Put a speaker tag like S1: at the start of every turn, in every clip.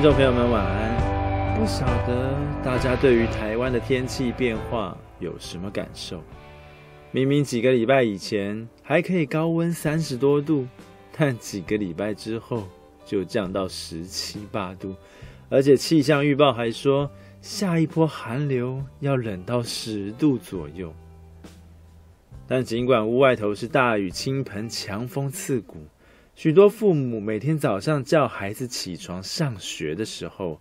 S1: 聽眾朋友們，晚安。不曉得大家對於台灣的天氣變化有什麼感受？明明幾個禮拜以前還可以高溫三十多度，但幾個禮拜之後就降到十七八度，而且氣象預報還說下一波寒流要冷到十度左右。但儘管屋外頭是大雨傾盆、強風刺骨。許多父母每天早上叫孩子起床上學的時候，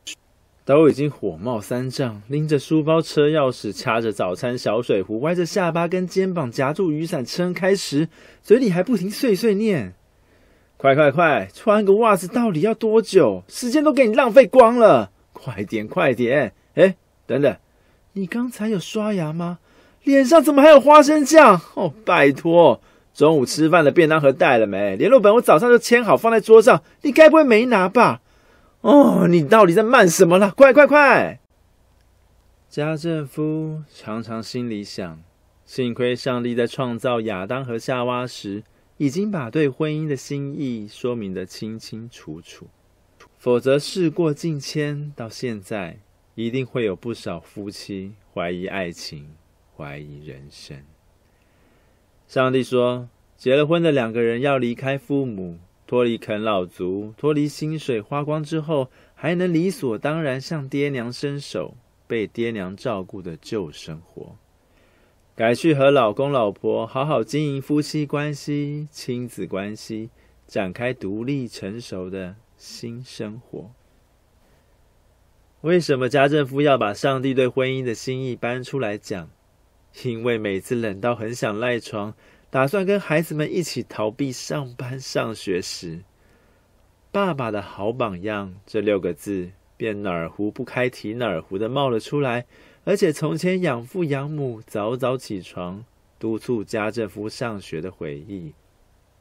S1: 都已經火冒三丈，拎着書包、車鑰匙，掐著早餐小水壺，歪着下巴跟肩膀夾住雨傘撐開時，嘴裡還不停碎碎念：“快快快，穿個襪子到底要多久？時間都給你浪費光了！快點快點！哎，等等，你剛才有刷牙嗎？臉上怎麼還有花生醬？哦，拜託！”中午吃飯的便當盒帶了沒？聯絡本我早上就簽好放在桌上，你該不會沒拿吧？哦，你到底在慢什麼了？快快快！家政夫常常心裡想，幸虧上帝在創造亞當和夏娃時，已經把對婚姻的心意說明得清清楚楚，否則事過境遷到現在，一定會有不少夫妻懷疑愛情，懷疑人生。上帝說：“結了婚的兩個人要離開父母，脫離啃老族，脫離薪水花光之後，還能理所當然向爹娘伸手，被爹娘照顧的舊生活，改去和老公老婆好好經營夫妻關係、親子關係，展開獨立成熟的新生活。”為什麼家政夫要把上帝對婚姻的心意搬出來講？因為每次冷到很想賴床，打算跟孩子們一起逃避上班上學時，爸爸的好榜樣這六個字便哪壺不開提哪壺的冒了出來。而且從前養父養母早早起床督促家政夫上學的回憶，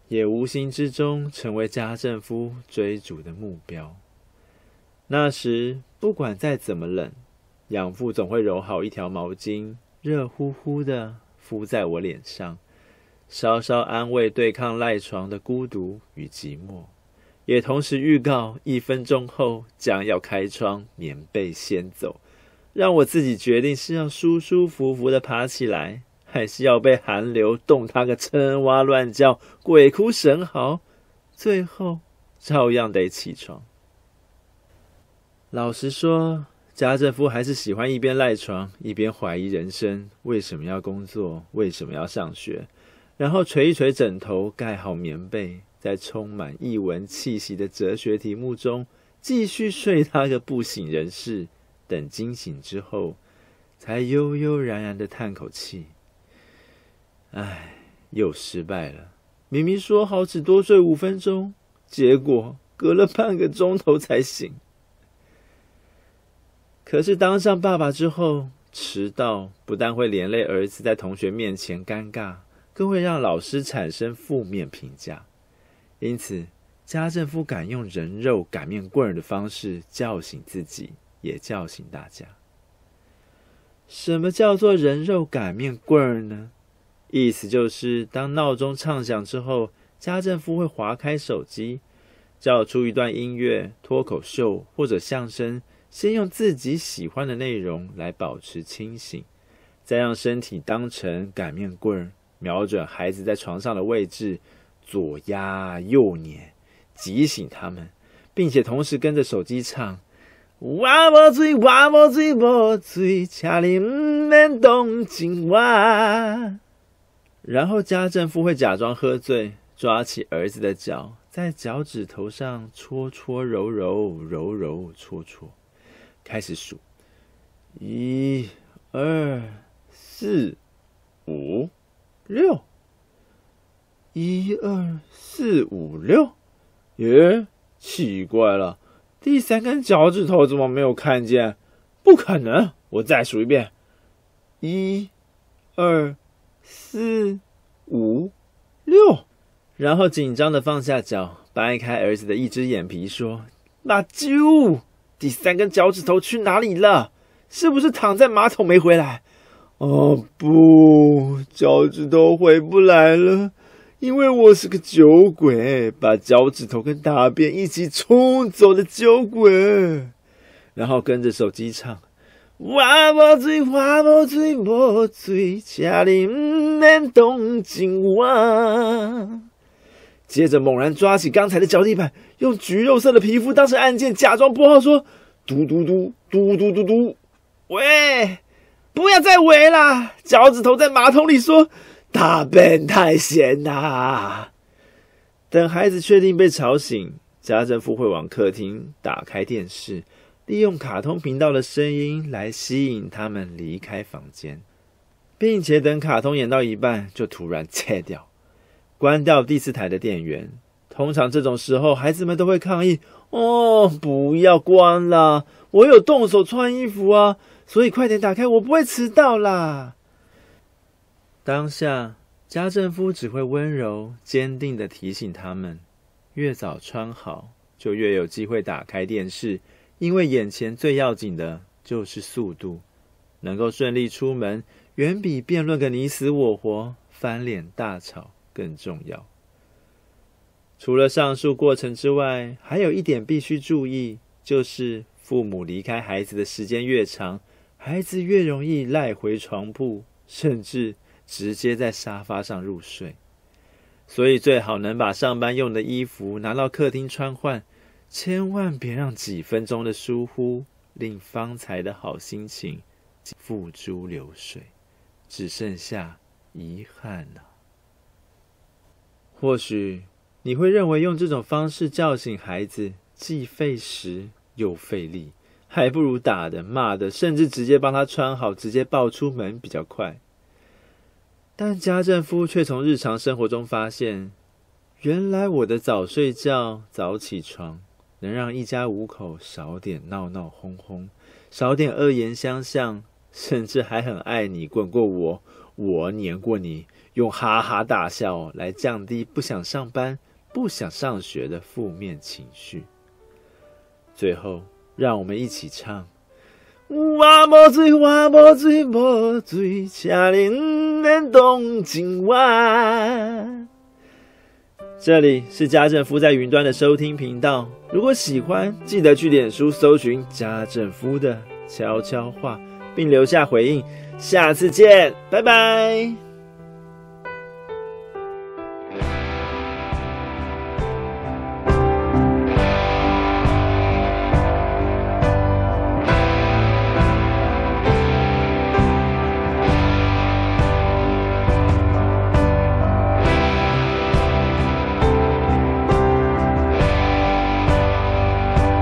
S1: 也無形之中成為家政夫追逐的目標。那時不管再怎麼冷，養父總會揉好一條毛巾。熱乎乎的敷在我臉上，稍稍安慰對抗賴床的孤獨與寂寞，也同時預告一分鐘後將要開窗，棉被掀走，讓我自己決定是要舒舒服服的爬起來，還是要被寒流凍他個春蛙亂叫、鬼哭神嚎，最後照樣得起床。老實說，家政夫還是喜歡一邊賴床，一邊懷疑人生：為什麼要工作？為什麼要上學？然後捶一捶枕頭，蓋好棉被，在充滿藝文氣息的哲學題目中繼續睡他個不省人事。等驚醒之後，才悠悠然然的嘆口氣：“唉，又失敗了。明明說好只多睡五分鐘，結果隔了半個鐘頭才醒。”可是當上爸爸之後，遲到不但會連累兒子在同學面前尷尬，更會讓老師產生負面評價。因此，家政夫敢用人肉擀麵棍兒的方式叫醒自己，也叫醒大家。什麼叫做人肉擀麵棍兒呢？意思就是，當鬧鐘唱響之後，家政夫會滑開手機，叫出一段音樂、脫口秀或者相聲。先用自己喜歡的內容來保持清醒，再讓身體當成擀麵棍，瞄準孩子在床上的位置，左壓右碾，擠醒他們，並且同時跟着手機唱“ 我無醉，我無醉，無醉，請你免同情我”。然後家政婦會假裝喝醉，抓起兒子的腳，在腳趾頭上搓搓揉揉揉揉搓搓。開始數，一、二、四、五、六，一、二、四、五、六，耶、欸，奇怪了，第三根腳趾頭怎麼沒有看見？不可能，我再數一遍，一、二、四、五、六，然後緊張的放下腳，掰開兒子的一只眼皮說：“那就。第三根腳趾頭去哪裡了？是不是躺在馬桶沒回來？哦，不，腳趾頭回不來了，因為我是個酒鬼，把腳趾頭跟大便一起沖走的酒鬼，然後跟着手機唱：我無醉，我無醉，無醉，請你勿要同情我。接着猛然抓起剛才的腳底板，用橘肉色的皮膚當成按鍵，假裝撥號說：“嘟嘟嘟，嘟嘟嘟嘟嘟，喂！不要再喂啦。腳趾頭在馬桶裡說：“大便太鹹啦、啊。等孩子確定被吵醒，家政婦會往客廳打開電視，利用卡通頻道的聲音來吸引他們離開房間，並且等卡通演到一半就突然切掉。關掉第四台的電源。通常這種時候，孩子們都會抗議：“哦，不要關啦！我有動手穿衣服啊，所以快點打開，我不會遲到啦。”當下家政夫只會溫柔堅定的提醒他們：“越早穿好，就越有機會打開電視，因為眼前最要緊的就是速度，能夠順利出門，遠比辯論個你死我活、翻臉大吵。”更重要，除了上述過程之外，還有一點必須注意，就是父母離開孩子的時間越長，孩子越容易賴回床鋪，甚至直接在沙發上入睡。所以最好能把上班用的衣服拿到客廳穿換，千萬別讓幾分鐘的疏忽，令方才的好心情付諸流水，只剩下遺憾了啊。或許你會認為用這種方式叫醒孩子，既費時又費力，還不如打的罵的，甚至直接幫他穿好，直接抱出門比較快。但家政夫卻從日常生活中發現，原來我的早睡覺、早起床，能讓一家五口少點鬧鬧哄哄，少點惡言相向，甚至還很愛你，滾過我，我黏過你。用哈哈大笑來降低不想上班、不想上學的負面情緒。最後，讓我們一起唱：“我無醉，我無醉，無醉，請你勿要同情我。”這裡是家政夫在雲端的收聽頻道。如果喜歡，記得去臉書搜尋“家政夫的悄悄話”，並留下回應。下次見，拜拜。